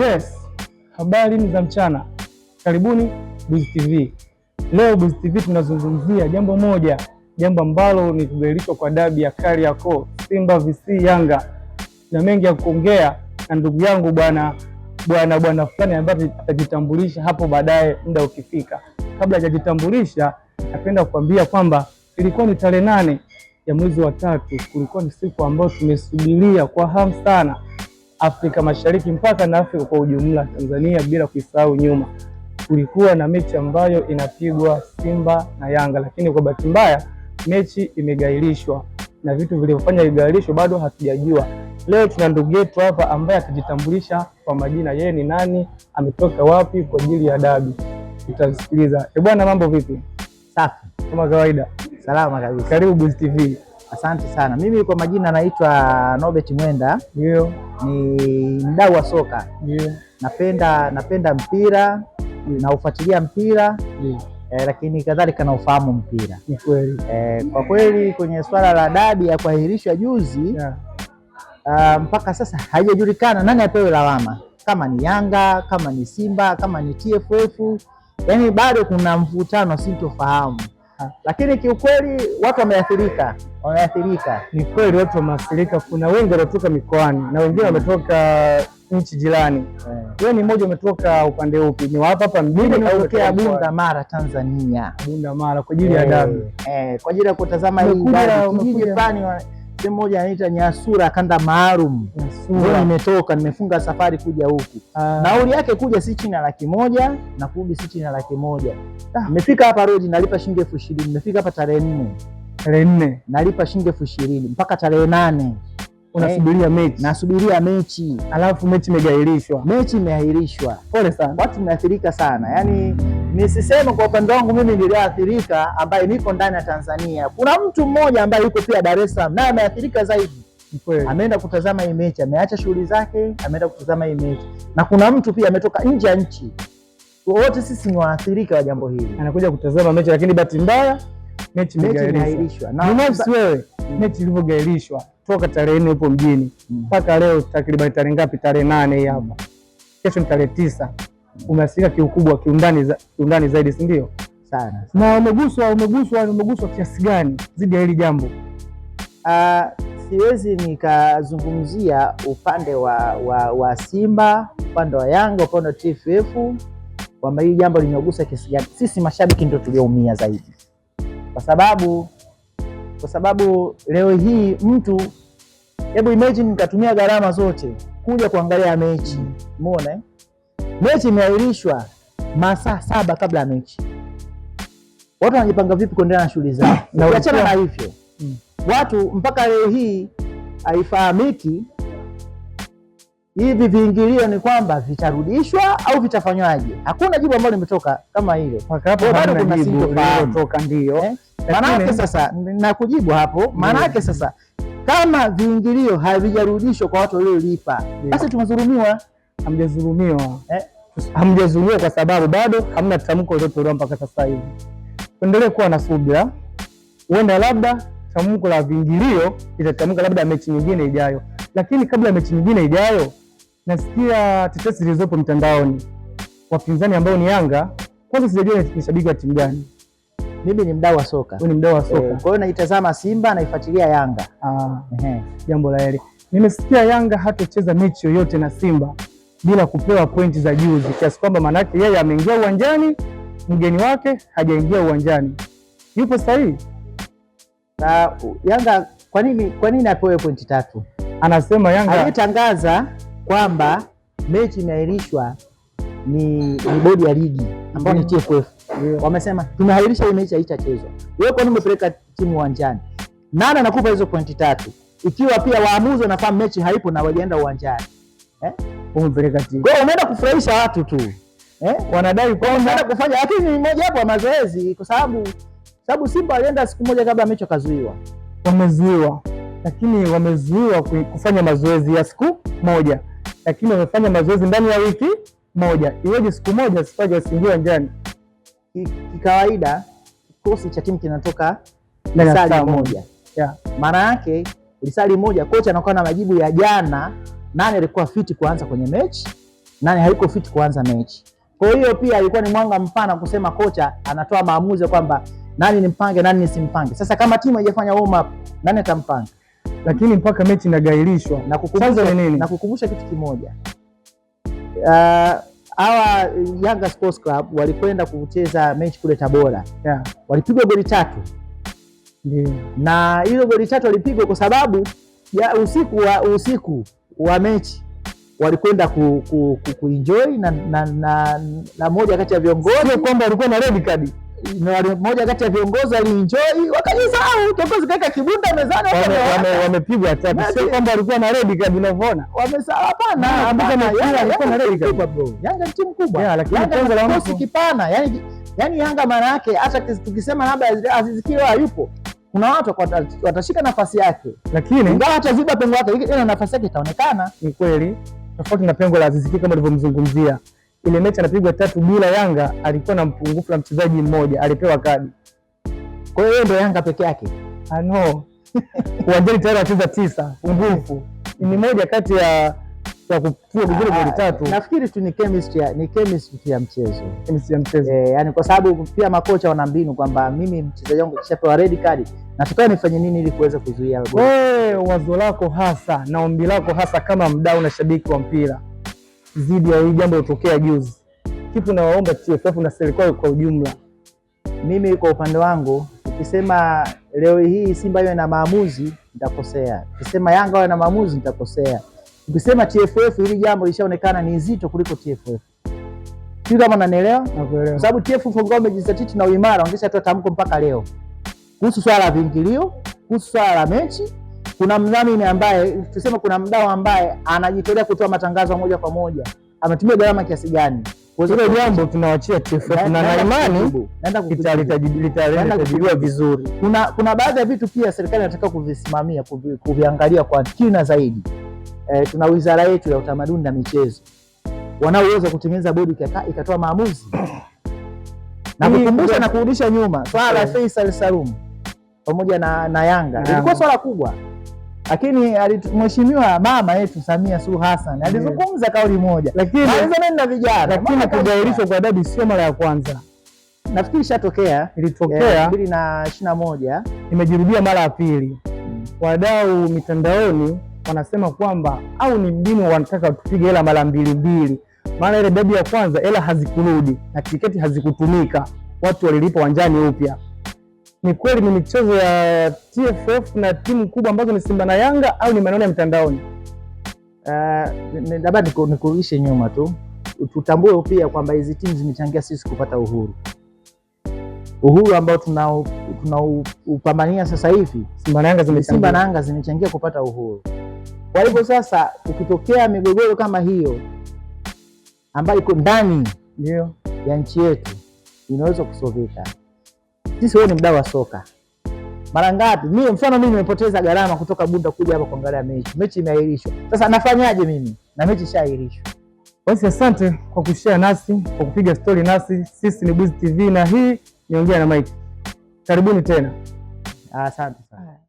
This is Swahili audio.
Yes, habari ni za mchana, karibuni Buzi TV. Leo Buzi TV tunazungumzia jambo moja, jambo ambalo ni kugairishwa kwa dabi ya Kariakoo, Simba VC Yanga, na mengi ya kuongea na ndugu yangu bwana bwana bwana fulani ambaye atajitambulisha hapo baadaye muda ukifika. Kabla hajajitambulisha, napenda kukwambia kwamba ilikuwa ni tarehe nane ya mwezi wa tatu, kulikuwa ni siku ambayo tumesubiria kwa hamu sana Afrika Mashariki mpaka na Afrika kwa ujumla, Tanzania bila kuisahau nyuma. Kulikuwa na mechi ambayo inapigwa Simba na Yanga, lakini kwa bahati mbaya mechi imegairishwa na vitu vilivyofanya igailishwe bado hatujajua. Leo tuna ndugu yetu hapa ambaye atajitambulisha kwa majina, yeye ni nani, ametoka wapi kwa ajili ya dabi. Tutasikiliza. E eh, bwana mambo vipi? Safi. Kama kawaida. Salama kabisa. Karibu Boost TV. Asante sana. Mimi kwa majina naitwa Norbert Mwenda. Ndio. Ni mdau wa soka. Ndio. Napenda napenda mpira naufuatilia mpira eh, lakini kadhalika naufahamu mpira. Ni kweli. Eh, kwa kweli kwenye swala la dabi ya kuahirishwa juzi yeah. Uh, mpaka sasa haijajulikana nani apewe lawama, kama ni Yanga, kama ni Simba, kama ni TFF, yaani bado kuna mvutano, sintofahamu lakini kiukweli watu wameathirika, wameathirika. Ni kweli watu wameathirika, kuna wengi waliotoka mikoani na wengine wametoka nchi jirani. Eh. Wewe ni mmoja umetoka upande upi? Ni hapa hapa mjini? Natokea Bunda Mara, Tanzania. Bunda Mara kwa ajili ya eh. damu, eh, kwa ajili ya kutazama hii kijiji fulani sehemu moja anaita Nyasura kanda maalum, nimetoka nimefunga safari kuja huku, ah. nauli yake kuja si chini ya laki moja na kurudi si chini ya laki moja ah. Nimefika hapa roji nalipa shilingi elfu ishirini nimefika hapa tarehe nne tarehe nne nalipa shilingi elfu ishirini mpaka tarehe nane unasubiria mechi. Nasubiria mechi, alafu mechi imegairishwa, mechi imeahirishwa. Pole sana, watu mmeathirika sana. Yani nisiseme kwa upande wangu mimi niliyoathirika, ambaye niko ndani ya Tanzania. Kuna mtu mmoja ambaye yuko pia Dar es Salaam, naye ameathirika zaidi ameenda kutazama hii mechi, ameacha shughuli zake, ameenda kutazama hii mechi, na kuna mtu pia ametoka nje ya nchi. Wote sisi ni waathirika wa jambo hili, anakuja kutazama mechi, lakini bahati mbaya mechi imeahirishwa. Na wewe mechi ilivyogairishwa toka tarehe nne upo mjini mm. mpaka leo takriban tarehe ngapi? Tarehe nane hii hapa, kesho ni tarehe tisa. Mm. Umeasirika kiukubwa, kiundani, kiundani zaidi, si ndio? Sana na umeguswa, umeguswa, umeguswa kiasi gani zidi ya hili jambo? Uh, siwezi nikazungumzia upande wa, wa, wa Simba, upande wa Yanga, upande wa TFF kwamba hili jambo limegusa kiasi gani. Sisi mashabiki ndio tulioumia zaidi, kwa sababu kwa sababu leo hii mtu, hebu imagine nikatumia gharama zote kuja kuangalia mechi, umeona eh? Mechi imeahirishwa masaa saba kabla ya mechi. Watu wanajipanga vipi kuendelea na shughuli zao? Ukiachana na hivyo mm, watu mpaka leo hii haifahamiki hivi viingilio ni kwamba vitarudishwa au vitafanywaje? Hakuna jibu ambalo limetoka kama hilo, bado kuna sintofahamu. Ndio eh? Maanake sasa nakujibu hapo, maanake sasa kama viingilio havijarudishwa kwa watu waliolipa, basi tumedhulumiwa. Hamjadhulumiwa eh? kwa sababu bado hamna tamko lililotolewa mpaka sasa hivi. Tuendelee kuwa na subira, huenda labda tamko la viingilio litatamka labda mechi nyingine ijayo, lakini kabla ya mechi nyingine ijayo, nasikia tetesi zilizopo mtandaoni, wapinzani ambao ni Yanga, kwanza sijajua ni shabiki wa timu gani mimi ni mdau wa soka. Wewe ni mdau wa eh, soka. Kwa hiyo naitazama Simba naifuatilia Yanga. Ah, jambo la heri. Nimesikia Yanga hatocheza mechi yoyote na Simba bila kupewa pointi za juzi, kiasi kwamba maanake yeye ameingia uwanjani, mgeni wake hajaingia uwanjani. Yupo sahihi? Na Yanga kwa nini kwa nini apewe pointi tatu? Anasema Yanga alitangaza kwamba mechi imeahirishwa ni, ni bodi ya ligi ambayo ni mm. TFF yeah. Wamesema tumehairisha hii mechi haitachezwa. Wewe kwani umepeleka timu uwanjani, nani anakupa hizo pointi tatu ikiwa pia waamuzi wanafahamu mechi haipo na wajaenda uwanjani eh? Umepeleka timu kwa umeenda kufurahisha watu tu eh? Wanadai kwamba kufanya, lakini ni moja wapo ya mazoezi, kwa sababu sababu Simba walienda siku moja kabla ya mechi wakazuiwa, wamezuiwa lakini wamezuiwa kufanya mazoezi ya siku moja, lakini wamefanya mazoezi ndani ya wiki moja. Iweje siku moja sipaje wasiingie uwanjani? kikawaida kikosi cha timu kinatoka lisali moja, yeah. Maana yake lisali moja, kocha anakuwa na majibu ya jana, nani alikuwa fiti kuanza kwenye mechi, nani haiko fiti kuanza mechi. Kwa hiyo pia alikuwa ni mwanga mpana kusema kocha anatoa maamuzi kwamba nani nimpange, nani nisimpange. Sasa kama timu haijafanya warm up, nani atampanga? Lakini mpaka mechi inagairishwa na kukumbusha kitu kimoja uh, hawa eh, Yanga Sports Club walikwenda kucheza mechi kule Tabora yeah. Walipigwa goli tatu yeah. Na hilo goli tatu walipigwa kwa sababu ya usiku wa, usiku wa mechi walikwenda ku, ku, ku, ku na, na, na, na moja kati ya viongozi kwamba walikuwa na red card moja kati ya viongozi alienjoy, wakajisahau kiongozi kaweka kibunda mezani, wamepigwa tatu. Sio kwamba walikuwa na red card unavyoona, wamesahau. Hapana, ah, alikuwa na red card bro. Yanga ni timu kubwa, lakini kwanza la mkosi kipana, yani yani Yanga maana yake hata tukisema labda azizikiwa Ki hayupo kuna watu watashika nafasi yake, lakini ingawa ataziba pengo lake, nafasi yake itaonekana. Ni kweli tofauti na pengo la Aziz Ki kama ulivyomzungumzia ile mechi anapigwa tatu bila, Yanga alikuwa na mpungufu la mchezaji mmoja, alipewa kadi. Kwa hiyo ndio Yanga peke yake ano uwanjani tayari wacheza tisa, pungufu ni moja kati ya ya kufua vizuri goli ah, tatu. Nafikiri tu ni chemistry ni chemistry ya mchezo, chemistry ya mchezo eh, yani kwa sababu pia makocha wana mbinu kwamba mimi mchezaji wangu kishapewa red card natakiwa nifanye nini ili kuweza kuzuia goli. Wewe eh, wazo lako hasa na ombi lako hasa kama mdau na shabiki wa mpira dhidi ya hili jambo lilotokea juzi. Kitu nawaomba TFF na serikali kwa ujumla, mimi kwa upande wangu ukisema leo hii Simba iwe na maamuzi nitakosea, ukisema Yanga iwe na maamuzi nitakosea, ukisema TFF, hili jambo lishaonekana ni zito kuliko TFF. Sio kama nanielewa, Kwa sababu TFF ngao wamejizatiti na uimara, wangesha toa tamko mpaka leo kuhusu swala la viingilio, kuhusu swala la mechi kuna mdhamini ambaye tuseme, kuna mdau ambaye anajitolea kutoa matangazo moja kwa moja, ametumia gharama kiasi gani? Hilo jambo tunawachia TFF na na imani litajadiliwa vizuri. Kuna kuna baadhi ya vitu pia serikali inataka kuvisimamia, kuviangalia kwa kina zaidi. E, tuna wizara yetu ya utamaduni na michezo wanaoweza kutengeneza bodi ikatoa maamuzi na kukumbusha na kurudisha nyuma swala la eh. Faisal Salum pamoja na, na Yanga ilikuwa swala kubwa. Lakini mheshimiwa mama yetu Samia Suluhu Hassan alizungumza kauli moja, lakini na vijana, lakini kugairishwa kwa dabi sio mara ya kwanza. Nafikiri ishatokea, ilitokea eh, moja imejirudia mara ya pili. Hmm. Wadau mitandaoni wanasema kwamba au ni mdimu, wanataka tupige hela mara mbili mbili, maana ile dabi ya kwanza hela hazikurudi na tiketi hazikutumika, watu walilipa wanjani upya ni kweli ni michezo ya TFF na timu kubwa ambazo ni Simba na Yanga au ni maneno ya mtandaoni? Eh, labda uh, nikurudishe nyuma tu, tutambue pia kwamba hizi timu zimechangia sisi kupata uhuru, uhuru ambao tunaupambania tuna sasa hivi. Simba na Yanga zimechangia, Simba na zimechangia kupata uhuru. Kwa hivyo sasa, ukitokea migogoro kama hiyo ambayo iko ndani yeah, ya nchi yetu inaweza kusoveka sisi, wewe ni mdau wa soka. Mara ngapi mimi, mfano mimi nimepoteza gharama kutoka Bunda kuja hapa kuangalia mechi, mechi imeahirishwa. Sasa nafanyaje mimi na mechi ishaahirishwa? Basi asante kwa kushare nasi, kwa kupiga stori nasi. Sisi ni Buzz TV na hii niongea na Mike. Karibuni tena, asante sana.